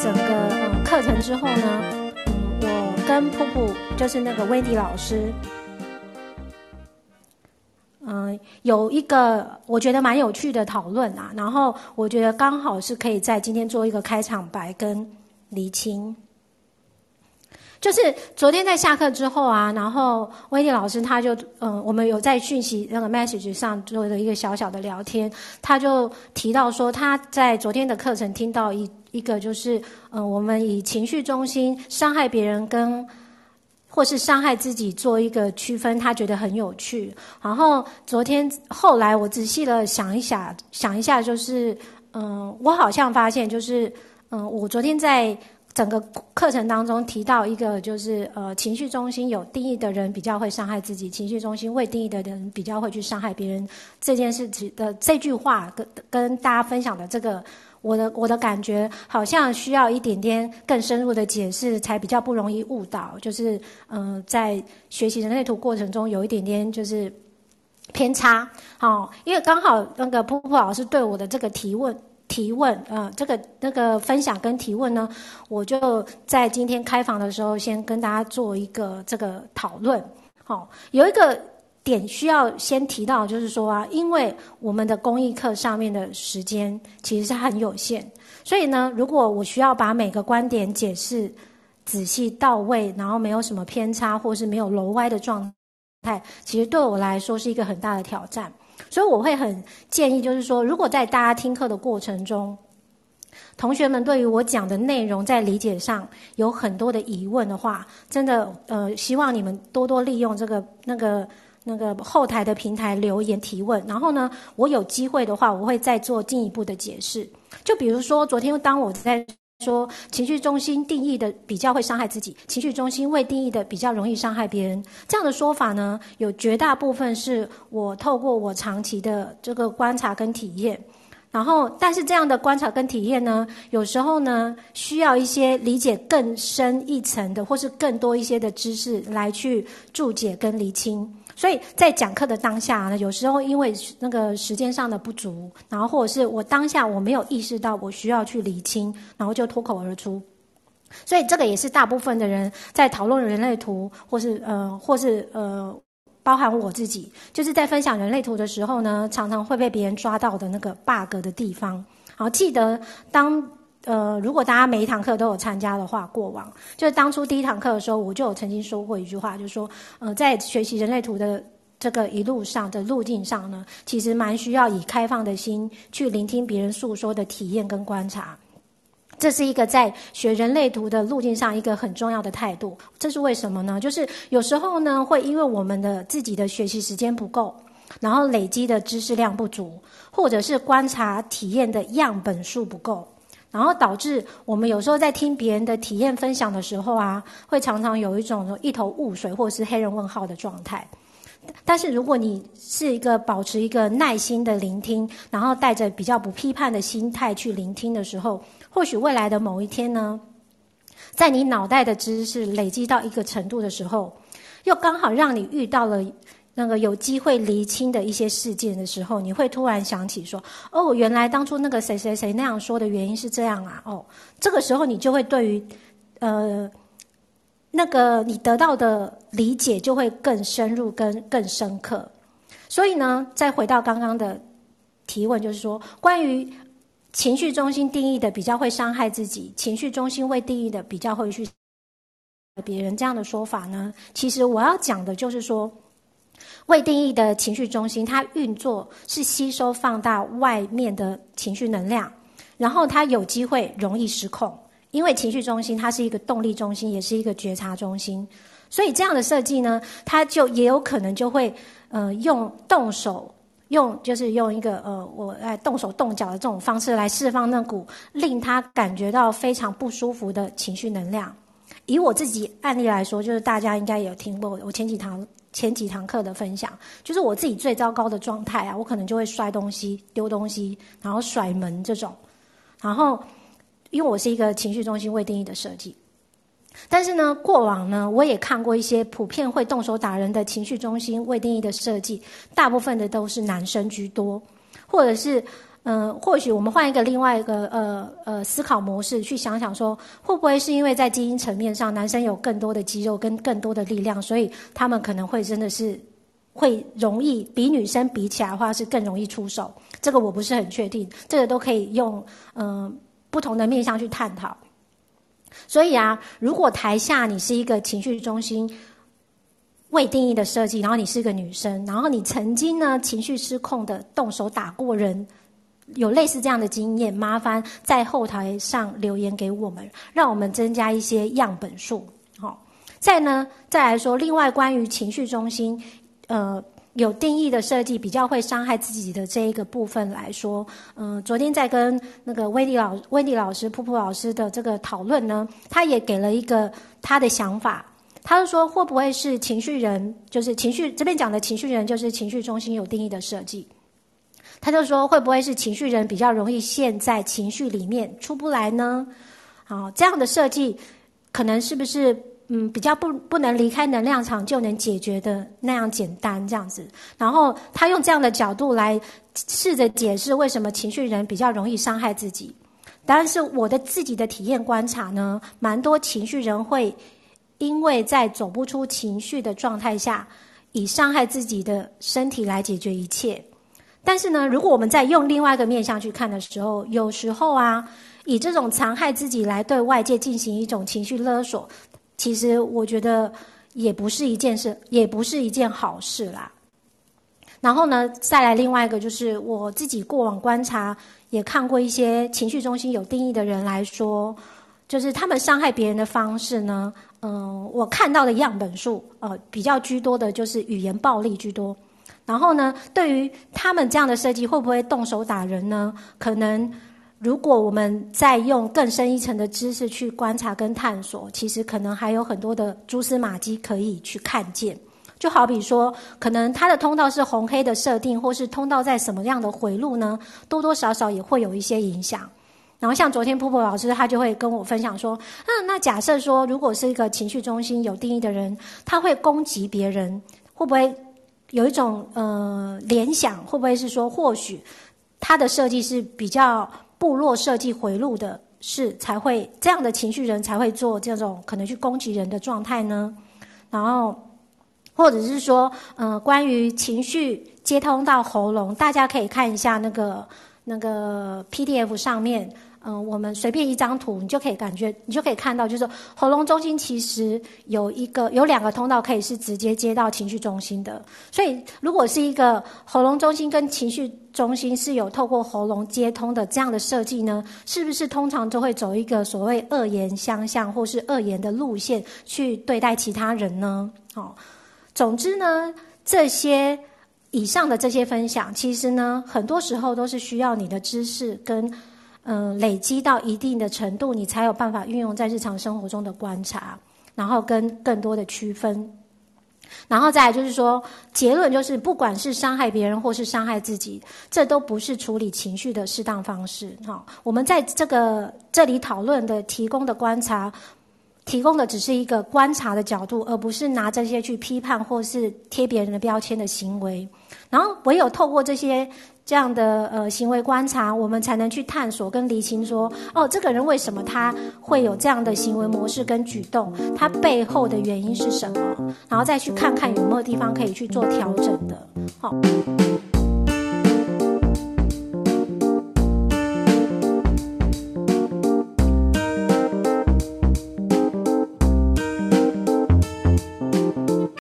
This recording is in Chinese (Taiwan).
整個嗯、呃、課程之後呢，嗯、我跟普普就是那個 Wendy 老師，嗯，有一個我覺得蠻有趣的討論啊。然後我覺得剛好是可以在今天做一個開場白跟釐清。就是昨天在下課之後啊，然後 Wendy 老師他就嗯，我們有在訊息那個 message 上做了一個小小的聊天，他就提到說他在昨天的課程聽到一。一個就是，嗯、呃，我們以情緒中心傷害別人跟或是傷害自己做一個區分，他覺得很有趣。然後昨天後來我仔細的想一想，想一下就是，嗯、呃，我好像發現就是，嗯、呃，我昨天在。整個課程當中提到一個就是呃，情緒中心有定義的人比較會傷害自己，情緒中心未定義的人比較會去傷害別人這件事情的這句話跟跟大家分享的這個，我的我的感覺好像需要一點點更深入的解釋才比較不容易誤導，就是嗯、呃、在學習人類圖過程中有一點點就是偏差，好、哦，因為剛好那個噗噗老師對我的這個提問。提問啊、呃，這個那個分享跟提問呢，我就在今天開房的時候先跟大家做一個這個討論。好、哦，有一個點需要先提到，就是說啊，因為我們的公益課上面的時間其實是很有限，所以呢，如果我需要把每個觀點解釋仔細到位，然後沒有什麼偏差或是沒有樓歪的狀態，其實對我來說是一個很大的挑戰。所以我會很建議，就是說，如果在大家聽課的過程中，同學們對於我講的內容在理解上有很多的疑問的話，真的，呃，希望你們多多利用這個、那個、那個後台的平台留言提問。然後呢，我有機會的話，我會再做進一步的解釋。就比如說，昨天當我在。說情緒中心定義的比較會傷害自己，情緒中心未定義的比較容易傷害別人。這樣的說法呢，有絕大部分是我透過我長期的這個觀察跟體驗，然後，但是這樣的觀察跟體驗呢，有時候呢，需要一些理解更深一層的，或是更多一些的知識來去注解跟釐清。所以在講課的當下呢，有時候因為那個時間上的不足，然後或者是我當下我沒有意識到我需要去理清，然後就脫口而出。所以這個也是大部分的人在討論人類圖，或是呃或是呃包含我自己，就是在分享人類圖的時候呢，常常會被別人抓到的那個 bug 的地方。好，記得當。呃，如果大家每一堂課都有參加的話，過往就是當初第一堂課的時候，我就有曾經說過一句話，就說，呃，在學習人類圖的這個一路上的路徑上呢，其實蠻需要以開放的心去聆聽別人訴說的體驗跟觀察，這是一個在學人類圖的路徑上一個很重要的態度。這是為什麼呢？就是有時候呢，會因為我們的自己的學習時間不夠，然後累積的知識量不足，或者是觀察體驗的樣本數不夠。然後導致我們有時候在聽別人的體驗分享的時候啊，會常常有一種一頭霧水或是黑人問號的狀態。但是如果你是一個保持一個耐心的聆聽，然後帶着比較不批判的心態去聆聽的時候，或許未來的某一天呢，在你腦袋的知識累積到一個程度的時候，又剛好讓你遇到了，那個有機會釐清的一些事件的時候，你會突然想起說：“哦，原來當初那個誰誰誰那樣說的原因是這樣啊！”哦，這個時候你就會對於，呃，那個你得到的理解就會更深入、跟更深刻。所以呢，再回到剛剛的提問，就是說關於情緒中心定義的比較會傷害自己，情緒中心未定義的比較會去傷害別人這樣的說法呢？其實我要講的就是說。未定義的情緒中心，它運作是吸收、放大外面的情緒能量，然後它有機會容易失控，因為情緒中心它是一個動力中心，也是一個覺察中心，所以這樣的設計呢，它就也有可能就會呃用動手用就是用一個呃我愛動手動腳的這種方式來釋放那股令他感覺到非常不舒服的情緒能量。以我自己案例來說，就是大家應該有聽過，我前幾堂。前幾堂課的分享，就是我自己最糟糕的狀態啊！我可能就會摔東西、丟東西，然後甩門這種。然後，因為我是一個情緒中心未定義的設計，但是呢，過往呢，我也看過一些普遍會動手打人的情緒中心未定義的設計，大部分的都是男生居多，或者是。嗯、呃，或許我們換一個另外一個呃呃思考模式去想想說，會不會是因為在基因層面上，男生有更多的肌肉跟更多的力量，所以他們可能會真的是會容易比女生比起來的話是更容易出手，這個我不是很確定，這個都可以用嗯、呃、不同的面向去探討。所以啊，如果台下你是一個情緒中心未定義的設計，然後你是個女生，然後你曾經呢情緒失控的動手打過人，有類似這樣的經驗，麻煩在後台上留言給我們，讓我們增加一些樣本數。好、哦，再呢，再來說另外關於情緒中心，呃，有定義的設計比較會傷害自己的這一個部分來說，嗯、呃，昨天在跟那個威利老威利老師、噗噗老師的這個討論呢，他也給了一個他的想法，他就說會不會是情緒人，就是情緒這邊講的情緒人，就是情緒中心有定義的設計。他就說：“會不會是情緒人比較容易陷在情緒裡面出不來呢？好，這樣的設計可能是不是嗯比較不不能離開能量場就能解決的那樣簡單這樣子？然後他用這樣的角度來試着解釋為什麼情緒人比較容易傷害自己。但是我的自己的體驗觀察呢，蠻多情緒人會因為在走不出情緒的狀態下，以傷害自己的身體來解決一切。”但是呢，如果我們在用另外一個面向去看的時候，有時候啊，以這種殘害自己來對外界進行一種情緒勒索，其實我覺得也不是一件事，也不是一件好事啦。然後呢，再來另外一個就是我自己過往觀察，也看過一些情緒中心有定義的人來說，就是他們傷害別人的方式呢，嗯、呃，我看到的樣本數，呃，比較居多的就是語言暴力居多。然後呢，對於他們這樣的設計，會不會動手打人呢？可能，如果我們再用更深一層的知識去觀察跟探索，其實可能還有很多的蛛絲馬跡可以去看見。就好比說，可能他的通道是紅黑的設定，或是通道在什麼樣的回路呢？多多少少也會有一些影響。然後，像昨天瀑布老師他就會跟我分享說：“那、啊、那假設說，如果是一個情緒中心有定義的人，他會攻擊別人，會不會？”有一種呃聯想，會不會是說，或許他的設計是比較部落設計回路的，是才會這樣的情緒人，才會做這種可能去攻擊人的狀態呢？然後或者是說，嗯、呃，關於情緒接通到喉嚨，大家可以看一下那個那個 PDF 上面。嗯，我們隨便一張圖，你就可以感覺，你就可以看到，就是喉嚨中心其實有一個、有兩個通道，可以是直接接到情緒中心的。所以，如果是一個喉嚨中心跟情緒中心是有透過喉嚨接通的這樣的設計呢，是不是通常都會走一個所謂惡言相向或是惡言的路線去對待其他人呢？哦，總之呢，這些以上的這些分享，其實呢，很多時候都是需要你的知識跟。嗯，累積到一定的程度，你才有辦法運用在日常生活中的觀察，然後跟更多的區分。然後再來就是說，結論就是，不管是傷害別人或是傷害自己，這都不是處理情緒的適當方式。哈，我們在這個這裡討論的提供的觀察，提供的只是一個觀察的角度，而不是拿這些去批判或是貼別人的標籤的行為。然後唯有透過這些這樣的呃行為觀察，我們才能去探索跟釐清說，哦，這個人為什麼他會有這樣的行為模式跟舉動，他背後的原因是什麼？然後再去看看有沒有地方可以去做調整的。好、哦。